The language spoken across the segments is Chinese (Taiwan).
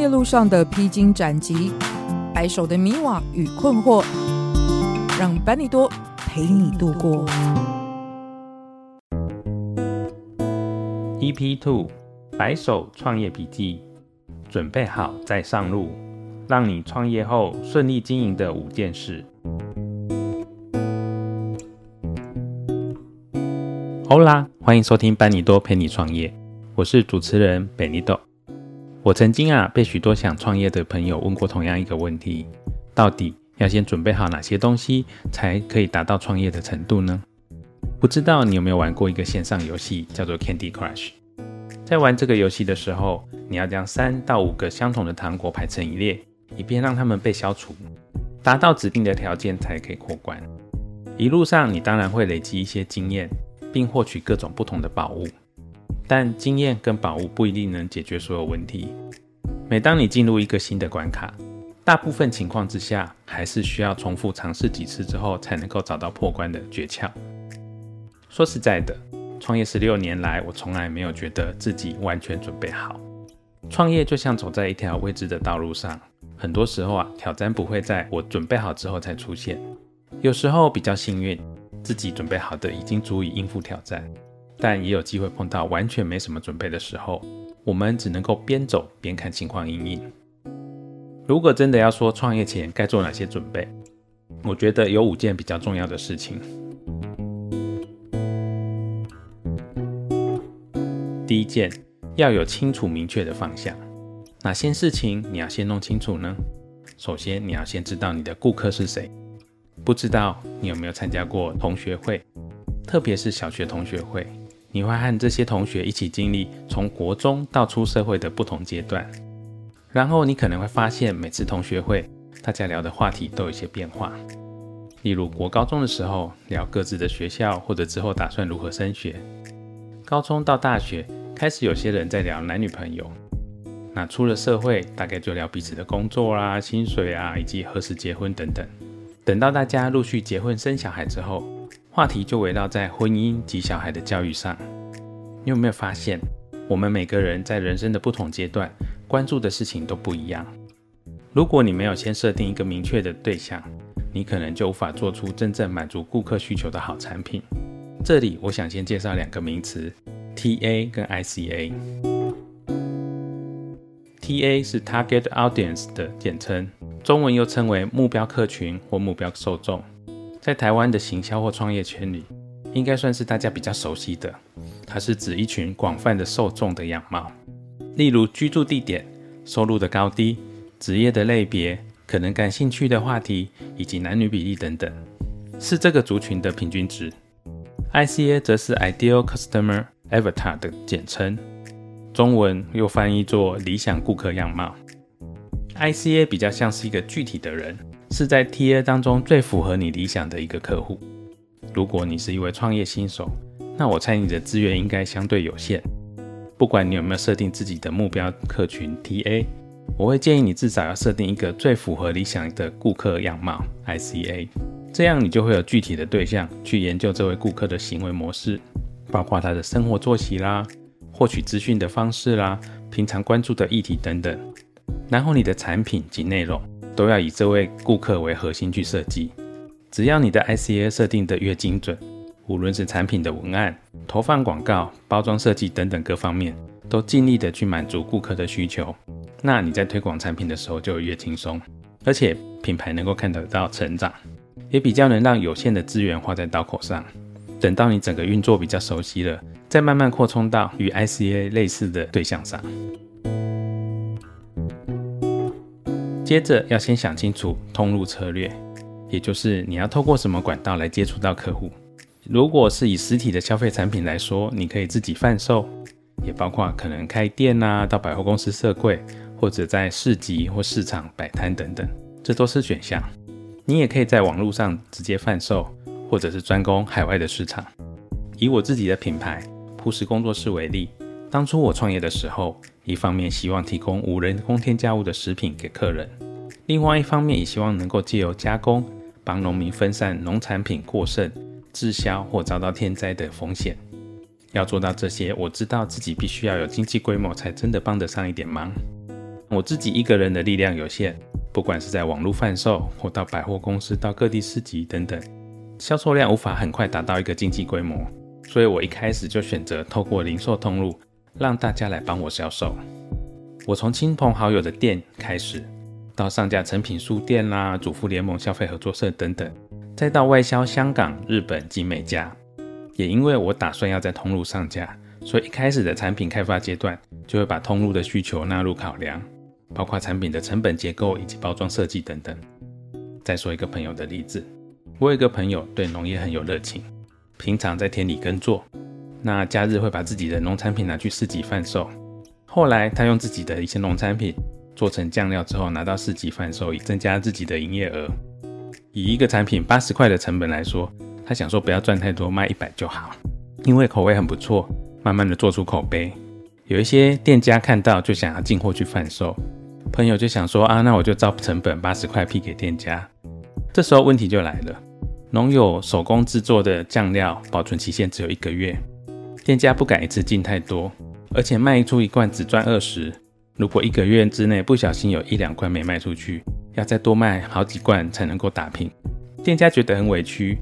業路上的披荊斬棘，白手的迷惘與困惑，讓班尼多陪你度過。2 EP Two 白手創業筆記，準備好再上路，讓你創業後順利經營的五件事。好啦，歡迎收聽班尼多陪你創業，我是主持人班尼多。我曾經啊，被許多想創業的朋友問過同樣一個問題：到底要先準備好哪些東西，才可以達到創業的程度呢？不知道你有沒有玩過一個線上遊戲，叫做 Candy Crush。在玩這個遊戲的時候，你要將三到五個相同的糖果排成一列，以便讓它們被消除，達到指定的條件才可以過關。一路上，你當然會累積一些經驗，並獲取各種不同的寶物。但經驗跟寶物不一定能解決所有問題。每當你進入一個新的關卡，大部分情況之下，還是需要重複嘗試幾次之後，才能夠找到破關的訣竅。說實在的，創業十六年來，我從來沒有覺得自己完全準備好。創業就像走在一條未知的道路上，很多時候啊，挑戰不會在我準備好之後才出現。有時候比較幸運，自己準備好的已經足以應付挑戰。但也有機會碰到完全沒什麼準備的時候，我們只能夠邊走邊看情況因應。如果真的要說創業前該做哪些準備，我覺得有五件比較重要的事情。第一件，要有清楚明確的方向，哪些事情你要先弄清楚呢？首先你要先知道你的顧客是誰，不知道你有沒有參加過同學會，特別是小學同學會。你會和這些同學一起經歷從國中到出社會的不同階段，然後你可能會發現，每次同學會，大家聊的話題都有一些變化。例如，國高中的時候，聊各自的學校或者之後打算如何升學；高中到大學，開始有些人在聊男女朋友；那出了社會，大概就聊彼此的工作啊、薪水啊，以及何時結婚等等。等到大家陸續結婚生小孩之後，話題就圍繞在婚姻及小孩的教育上。你有沒有發現，我們每個人在人生的不同階段，關注的事情都不一樣？如果你沒有先設定一個明確的對象，你可能就無法做出真正滿足顧客需求的好產品。這裡我想先介紹兩個名詞：TA 跟 ICA。TA 是 Target Audience 的簡稱，中文又稱為目標客群或目標受眾。在台灣的行銷或創業圈裡，應該算是大家比較熟悉的。它是指一群廣泛的受眾的樣貌，例如居住地點、收入的高低、職業的類別、可能感興趣的話題以及男女比例等等，是這個族群的平均值。ICA 則是 Ideal Customer Avatar 的簡稱，中文又翻譯作理想顧客樣貌。ICA 比較像是一個具體的人。是在 TA 當中最符合你理想的一個客戶。如果你是一位創業新手，那我猜你的資源應該相對有限。不管你有沒有設定自己的目標客群 TA，我會建議你至少要設定一個最符合理想的顧客樣貌 ICA，這樣你就會有具體的對象去研究這位顧客的行為模式，包括他的生活作息啦、獲取資訊的方式啦、平常關注的議題等等，然後你的產品及內容。都要以這位顧客為核心去設計。只要你的 ICA 設定得越精準，無論是產品的文案、投放廣告、包裝設計等等各方面，都盡力地去滿足顧客的需求，那你在推廣產品的時候就越輕鬆，而且品牌能夠看得到成長，也比較能讓有限的資源花在刀口上。等到你整個運作比較熟悉了，再慢慢擴充到與 ICA 類似的對象上。接着要先想清楚通路策略，也就是你要透過什麼管道來接觸到客戶。如果是以實體的消費產品來說，你可以自己販售，也包括可能開店呐、啊，到百貨公司設櫃，或者在市集或市場擺攤等等，這都是選項。你也可以在網絡上直接販售，或者是專攻海外的市場。以我自己的品牌樸實工作室為例。當初我創業的時候，一方面希望提供無人工添加物的食品給客人，另外一方面也希望能夠借由加工幫農民分散農產品過剩、滯銷或遭到天災的風險。要做到這些，我知道自己必須要有經濟規模才真的幫得上一點忙。我自己一個人的力量有限，不管是在網絡販售或到百貨公司、到各地市集等等，銷售量無法很快達到一個經濟規模，所以我一開始就選擇透過零售通路。讓大家來幫我銷售。我從親朋好友的店開始，到上架誠品書店啦、主婦聯盟消費合作社等等，再到外銷香港、日本及美加。也因為我打算要在通路上架，所以一開始的產品開發階段，就會把通路的需求納入考量，包括產品的成本結構以及包裝設計等等。再說一個朋友的例子，我有一個朋友對農業很有熱情，平常在田裡耕作。那假日會把自己的農產品拿去市集販售。後來他用自己的一些農產品做成醬料之後，拿到市集販售，以增加自己的營業額。以一個產品八十塊的成本來說，他想說不要賺太多，賣一百就好。因為口味很不錯，慢慢的做出口碑。有一些店家看到就想要進貨去販售。朋友就想說啊，那我就照成本八十塊批給店家。這時候問題就來了，農友手工製作的醬料保存期限只有一個月。店家不敢一次進太多，而且賣出一罐只賺二十。如果一個月之內不小心有一兩罐沒賣出去，要再多賣好幾罐才能夠打平。店家覺得很委屈，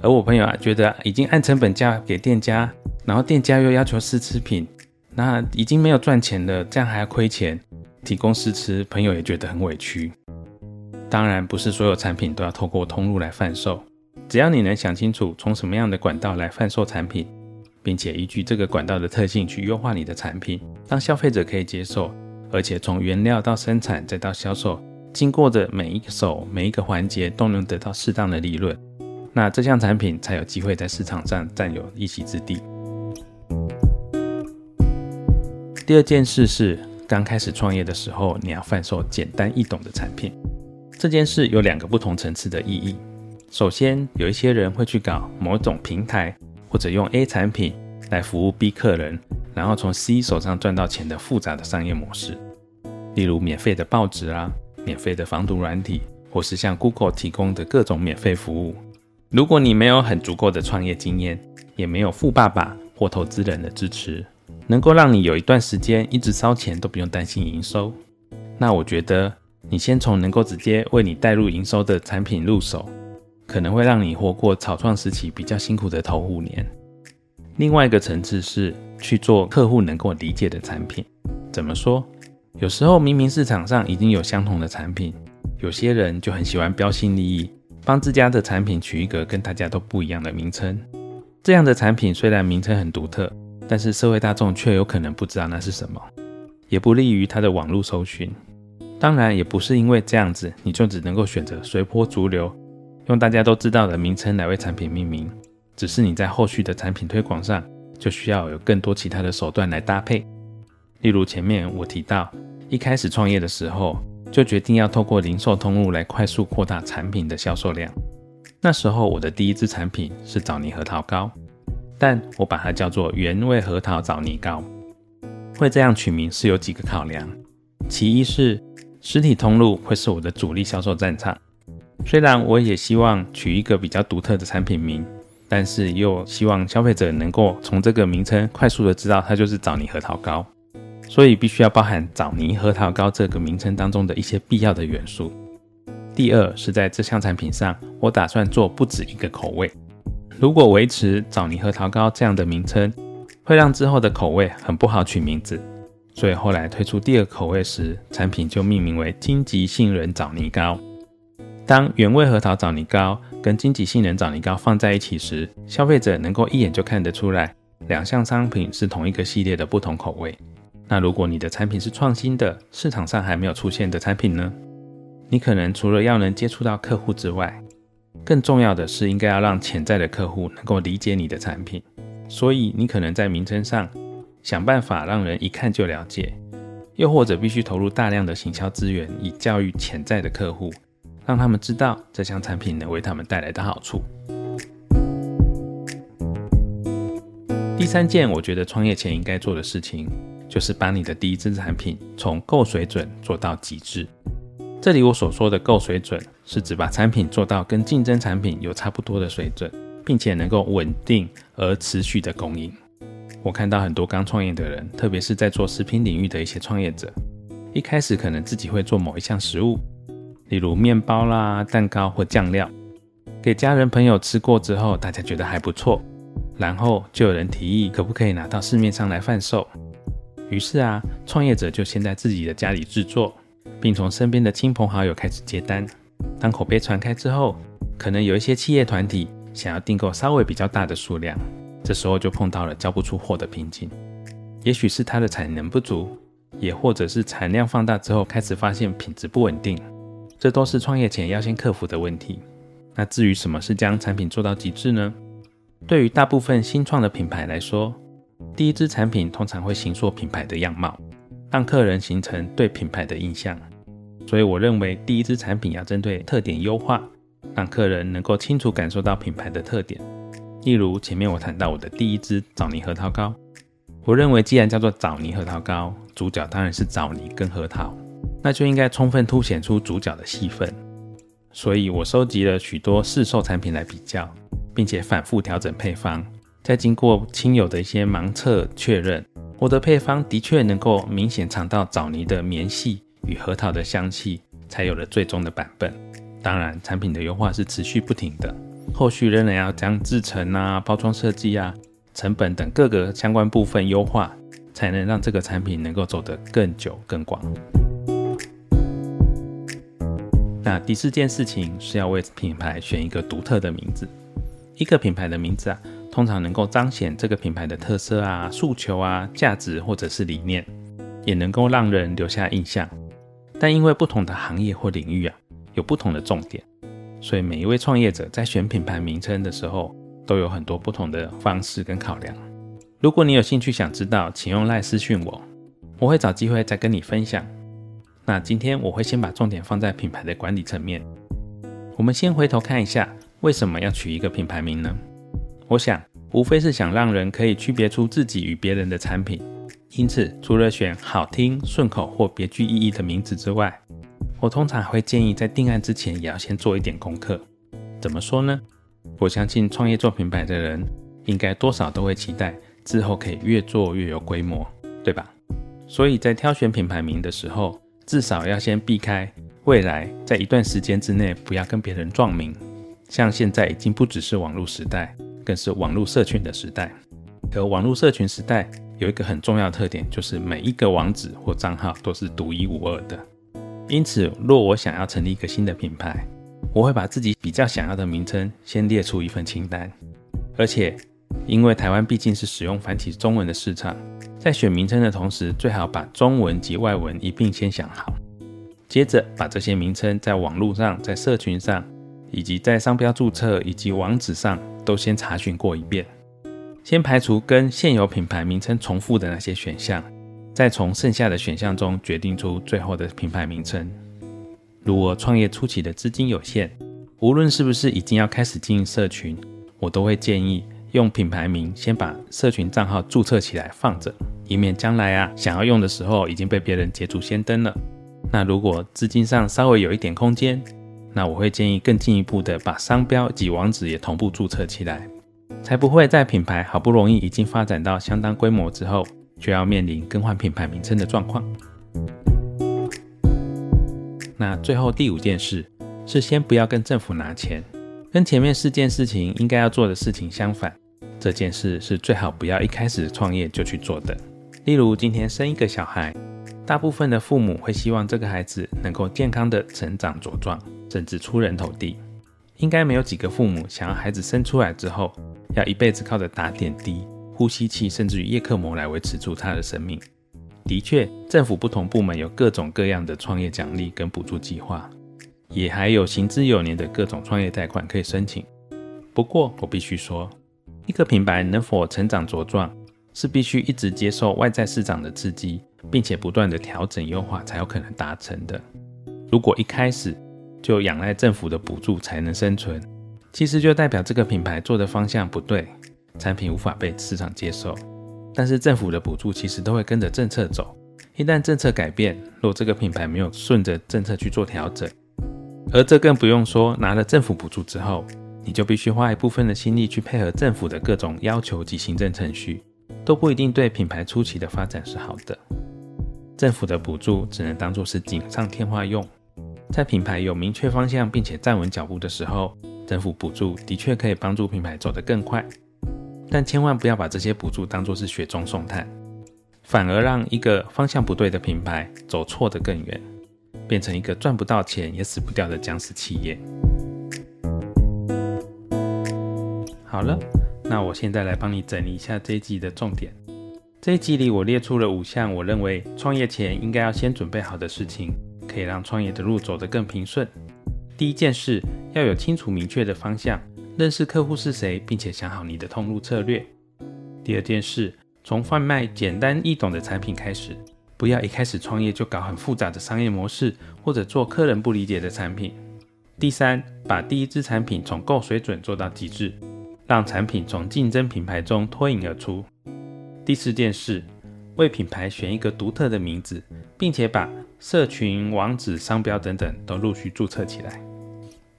而我朋友啊覺得已經按成本價給店家，然後店家又要求試吃品，那已經沒有賺錢了，這樣還要虧錢。提供試吃，朋友也覺得很委屈。當然，不是所有產品都要透過通路來販售，只要你能想清楚從什麼樣的管道來販售產品，並且依據這個管道的特性去優化你的產品，讓消費者可以接受，而且從原料到生產再到銷售，經過的每一個手，每一個環節都能得到適當的利潤，那這項產品才有機會在市場上占有一席之地。第二件事是剛開始創業的時候，你要販售簡單易懂的產品。這件事有兩個不同層次的意義。首先，有一些人會去搞某種平台。或者用 A 產品來服務 B 客人，然後從 C 手上賺到錢的複雜的商業模式，例如免費的報紙啊，免費的防毒軟體，或是像 Google 提供的各種免費服務。如果你沒有很足夠的創業經驗，也沒有富爸爸或投資人的支持，能夠讓你有一段時間一直燒錢都不用擔心營收，那我覺得你先從能夠直接為你帶入營收的產品入手，可能會讓你活過草創時期比較辛苦的頭五年。另外一個層次是去做客戶能夠理解的產品。怎麼說？有時候明明市場上已經有相同的產品，有些人就很喜歡標新立異，幫自家的產品取一個跟大家都不一樣的名稱。這樣的產品雖然名稱很獨特，但是社會大眾卻有可能不知道那是什麼，也不利於它的網絡搜尋。當然，也不是因為這樣子，你就只能夠選擇隨波逐流。用大家都知道的名稱來為產品命名，只是你在後續的產品推廣上就需要有更多其他的手段來搭配。例如前面我提到，一開始創業的時候就決定要透過零售通路來快速擴大產品的銷售量。那時候我的第一支產品是棗泥核桃糕，但我把它叫做原味核桃棗泥糕。會這樣取名是有幾個考量，其一是實體通路會是我的主力銷售戰場。雖然我也希望取一個比較獨特的產品名，但是又希望消費者能夠從這個名稱快速的知道它就是棗泥核桃糕，所以必須要包含棗泥核桃糕這個名稱當中的一些必要的元素。第二是在這項產品上，我打算做不止一個口味。如果維持棗泥核桃糕這樣的名稱，會讓之後的口味很不好取名字。所以後來推出第二口味時，產品就命名為荊棘杏仁棗泥糕。當原味核桃棗泥糕跟金桔杏仁棗泥糕放在一起時，消費者能夠一眼就看得出來，兩項商品是同一個系列的不同口味。那如果你的產品是創新的，市場上還沒有出現的產品呢？你可能除了要能接觸到客戶之外，更重要的是應該要讓潛在的客戶能夠理解你的產品。所以你可能在名稱上想辦法讓人一看就了解，又或者必須投入大量的行銷資源以教育潛在的客戶。讓他們知道這項產品能為他們帶來的好處。第三件，我覺得創業前應該做的事情，就是把你的第一支產品從夠水準做到極致。這裡我所說的夠水準，是指把產品做到跟競爭產品有差不多的水準，並且能夠穩定而持續的供應。我看到很多剛創業的人，特別是在做食品領域的一些創業者，一開始可能自己會做某一項食物。例如麵包啦、蛋糕或醬料，給家人朋友吃過之後，大家覺得還不錯，然後就有人提議可不可以拿到市面上來販售。於是啊，創業者就先在自己的家裡製作，並從身邊的親朋好友開始接單。當口碑傳開之後，可能有一些企業團體想要訂購稍微比較大的數量，這時候就碰到了交不出貨的瓶頸。也許是他的產能不足，也或者是產量放大之後開始發現品質不穩定。這都是創業前要先克服的問題。那至於什麼是將產品做到極致呢？對於大部分新創的品牌來說，第一支產品通常會形塑品牌的樣貌，讓客人形成對品牌的印象。所以我認為第一支產品要針對特點優化，讓客人能夠清楚感受到品牌的特點。例如前面我談到我的第一支棗泥核桃糕，我認為既然叫做棗泥核桃糕，主角當然是棗泥跟核桃。那就應該充分凸顯出主角的戲份，所以我收集了許多市售產品來比較，並且反覆調整配方，再經過親友的一些盲測確認，我的配方的確能夠明顯嘗到棗泥的綿細與核桃的香氣，才有了最終的版本。當然，產品的優化是持續不停的，後續仍然要將制程啊、包裝設計啊、成本等各個相關部分優化，才能讓這個產品能夠走得更久更廣。那第四件事情是要為品牌選一個獨特的名字。一個品牌的名字啊，通常能夠彰顯這個品牌的特色啊、訴求啊、價值或者是理念，也能夠讓人留下印象。但因為不同的行業或領域啊，有不同的重點，所以每一位創業者在選品牌名稱的時候，都有很多不同的方式跟考量。如果你有興趣想知道，請用 Line 私訊我，我會找機會再跟你分享。那今天我會先把重點放在品牌的管理層面。我們先回頭看一下，為什麼要取一個品牌名呢？我想，無非是想讓人可以區別出自己與別人的產品。因此，除了選好聽、順口或別具意義的名字之外，我通常會建議在定案之前也要先做一點功課。怎麼說呢？我相信創業做品牌的人，應該多少都會期待之後可以越做越有規模，對吧？所以在挑選品牌名的時候，至少要先避開未來，在一段時間之內不要跟別人撞名。像現在已經不只是網絡時代，更是網絡社群的時代。而網絡社群時代有一個很重要的特點，就是每一個網址或賬號都是獨一無二的。因此，若我想要成立一個新的品牌，我會把自己比較想要的名稱先列出一份清單。而且，因為台灣畢竟是使用繁體中文的市場。在選名稱的同時，最好把中文及外文一併先想好，接着把這些名稱在網絡上、在社群上，以及在商標注冊以及網址上都先查詢過一遍，先排除跟現有品牌名稱重複的那些選項，再從剩下的選項中決定出最後的品牌名稱。如果創業初期的資金有限，無論是不是已經要開始經營社群，我都會建議用品牌名先把社群賬號注冊起來放着。以免將來啊想要用的時候已經被別人捷足先登了。那如果資金上稍微有一點空間，那我會建議更進一步的把商標及網址也同步注冊起來，才不會在品牌好不容易已經發展到相當規模之後，就要面臨更換品牌名稱的狀況。那最後第五件事是先不要跟政府拿錢，跟前面四件事情應該要做的事情相反，這件事是最好不要一開始創業就去做的。例如，今天生一個小孩，大部分的父母會希望這個孩子能夠健康的成長茁壯，甚至出人頭地。應該沒有幾個父母想要孩子生出來之後，要一輩子靠着打點滴、呼吸器，甚至於葉克膜來維持住他的生命。的確，政府不同部門有各種各樣的創業獎勵跟補助計劃，也還有行之有年的各種創業貸款可以申請。不過，我必須說，一個品牌能否成長茁壯，是必須一直接受外在市場的刺激，並且不斷的調整優化才有可能達成的。如果一開始就仰賴政府的補助才能生存，其實就代表這個品牌做的方向不對，產品無法被市場接受。但是政府的補助其實都會跟着政策走，一旦政策改變，若這個品牌沒有順着政策去做調整，而這更不用說拿了政府補助之後，你就必須花一部分的心力去配合政府的各種要求及行政程序。都不一定對品牌初期的發展是好的。政府的補助只能當做是錦上添花用。在品牌有明確方向並且站穩腳步的時候，政府補助的確可以幫助品牌走得更快。但千萬不要把這些補助當做是雪中送炭，反而讓一個方向不對的品牌走錯得更遠，變成一個賺不到錢也死不掉的僵屍企業。好了。那我現在來幫你整理一下這一集的重點。這一集裡我列出了五項我認為創業前應該要先準備好的事情，可以讓創業的路走得更平順。第一件事，要有清楚明確的方向，認識客戶是誰，並且想好你的通路策略。第二件事，從販賣簡單易懂的產品開始，不要一開始創業就搞很複雜的商業模式，或者做客人不理解的產品。第三，把第一支產品從夠水準做到極致。讓產品從競爭品牌中脫穎而出。第四件事，為品牌選一個獨特的名字，並且把社群、網址、商標等等都陸續註冊起來。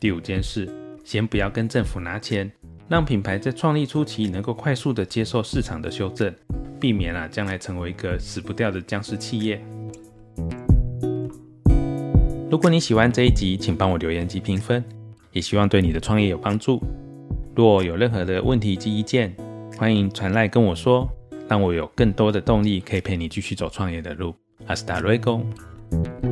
第五件事，先不要跟政府拿錢，讓品牌在創立初期能夠快速的接受市場的修正，避免啊將來成為一個死不掉的僵屍企業。如果你喜歡這一集，請幫我留言及評分，也希望對你的創業有幫助。如果有任何的問題及意見，歡迎傳賴跟我說，讓我有更多的動力可以陪你繼續走創業的路。Hasta luego。